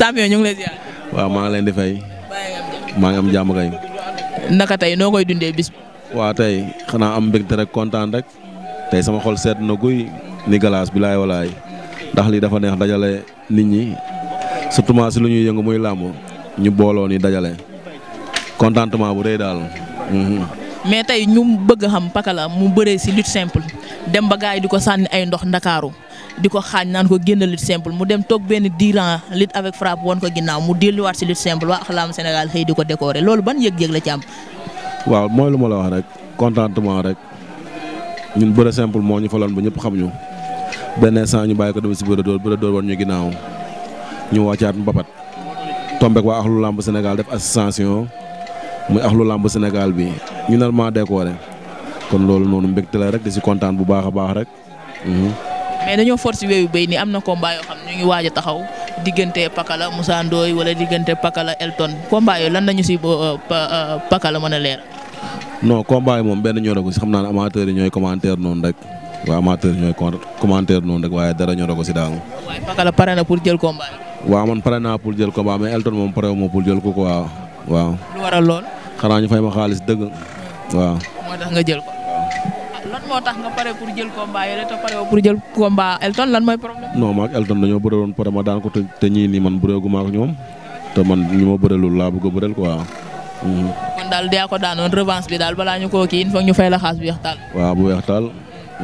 Samia ñu ngi lay ziar. waaw maa ngi leen di fay. maa ngi am jàmm kay. naka tey noo koy dundee bis. waaw tey xanaa am mbégte rek kontaan rek tey sama xol seet na guy ni galaas bi laay walaay ndax lii dafa neex dajale nit ñi surtout si lu ñuy yëngu muy làmb ñu booloo ni dajale contentement bu rëy daal. Mhm. mais tey ñu bëgg xam Pakala mu bëree si lutte simple dem ba gars yi di ko sànni ay ndox ndakaaru di ko xaañ naan ko génn lutte simple mu dem toog benn diiran lutte avec frappe woon ko ginnaaw mu delluwaat si lutte simple waa Axlaam Sénégal xëy di ko décorer loolu ban yëg-yëg la ci am. waaw mooy lu ma la wax rek contentement rek ñun bëre simple moo ñu faloon ba ñëpp xam ñu benn instant ñu bàyyi ko dem si bëre dóor bëre dóor woon ñu ginnaaw ñu wàccaat mbapat tombek waa ax axlu lamb Sénégal def association muy axlu lamb Sénégal bi ñu nar maa décorer kon loolu noonu mbégte rek di si kontaan bu baax a baax rek. Mhm. mais dañoo force wéewu béy nii am na combat yoo xam ñu ngi waaj a taxaw diggante Pakala Moussa Ndoye wala diggante Pakala Elton combat yooyu lan lañu si euh, euh, Pakala mën a leer. non combat moom benn ñoroo ko si xam naa ne amateurs ñooy commentaire noonu rek waaye amateurs yi ñooy commentaire waaye dara ñoroo ko si daal. waaye Pakala pare na pour jël combat yi. waaw man pare naa pour jël combat mais Elton moom pare moo pour jël ko quoi waaw. lool. xanaa ñu fay ma xaalis dëgg waaw. moo tax nga pare pour jël combat yooyu te pare pour jël combat Elton lan mooy problème. non maak Elton dañoo bëre woon pare ma daan ko te ñii man bëreegu ma ak ñoom te man ñi ma bërelul laa bëgg a bërel mhm. ko daanoon bi daal balaa ñu koo kii il faut ñu fay la xaas bu weex taal. waaw bu weex taal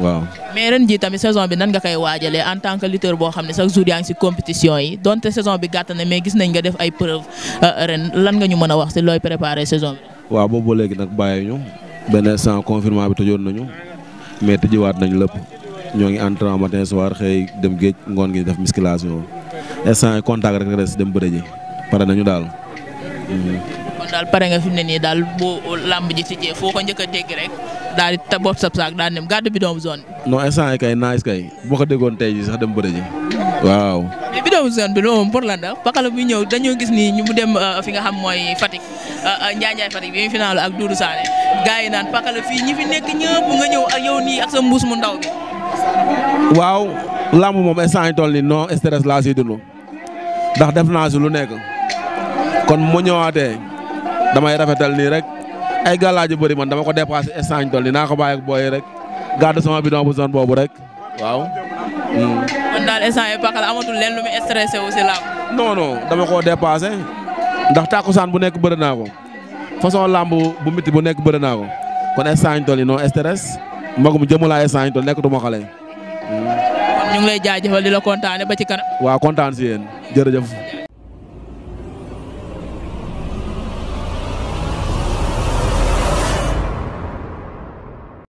waaw. mais ren jii saison bi nan nga koy waajalee en tant que lutteur boo xam ne chaque jour yaa ngi si compétition yi donte saison bi gàtt mais gis nañ nga def ay preuve euh, ren lan nga ñu mën a wax si looy préparer saison bi. waaw boobu léegi nag bàyyi ñu benn instant mais tëjiwaat nañ lépp ñoo ngi entraînement matin soir xëy dem géej ngoon gi def musculation instant yi contact rek des dem bëre ji pare nañu daal. kon daal pare nga fi mu ne nii daal boo làmb ji tijjee foo ko njëkk a rek daal di ta bopp sab saak daal dem gàdd bi doomu zone non instant yi kay naaj kay boo ko déggoon tey sax dem bëre ji waaw. mais vidéo zone bi loolu moom pour lan la Pakala bi ñëw dañoo gis ni ñu mu dem euh, fi nga xam mooy fatik Ndiaye Ndiaye bi final ak Doudou Sané gars yi naan Pakala fii ñi fi nekk ñëpp nga ñëw ak yow ak sa mbuus mu ndaw bi. waaw lamb moom instant yi toll nii non stress laa siy ndax def naa lu nekk kon mu ñëwaatee damay rafetal nii rek ay gàllaaj yu bëri man dama ko dépassé instant yi toll naa ko bàyyi ak booy rek gàddu sama bidon bu zone boobu rek waaw. kon daal instant yii Pakala amatul leen lu muy stressé wu si làmb. non non dama koo dépassé ndax tàkkusaan bu nekk bëri naa ko façon làmb bu métti bu nekk bëri naa ko kon instant toll yi non stress magum jëmulaa instant yii toll nekkatuma kon ñu ngi lay jaajëfal di la kontaane ba ci kanam. waaw kontaan si yéen jërëjëf.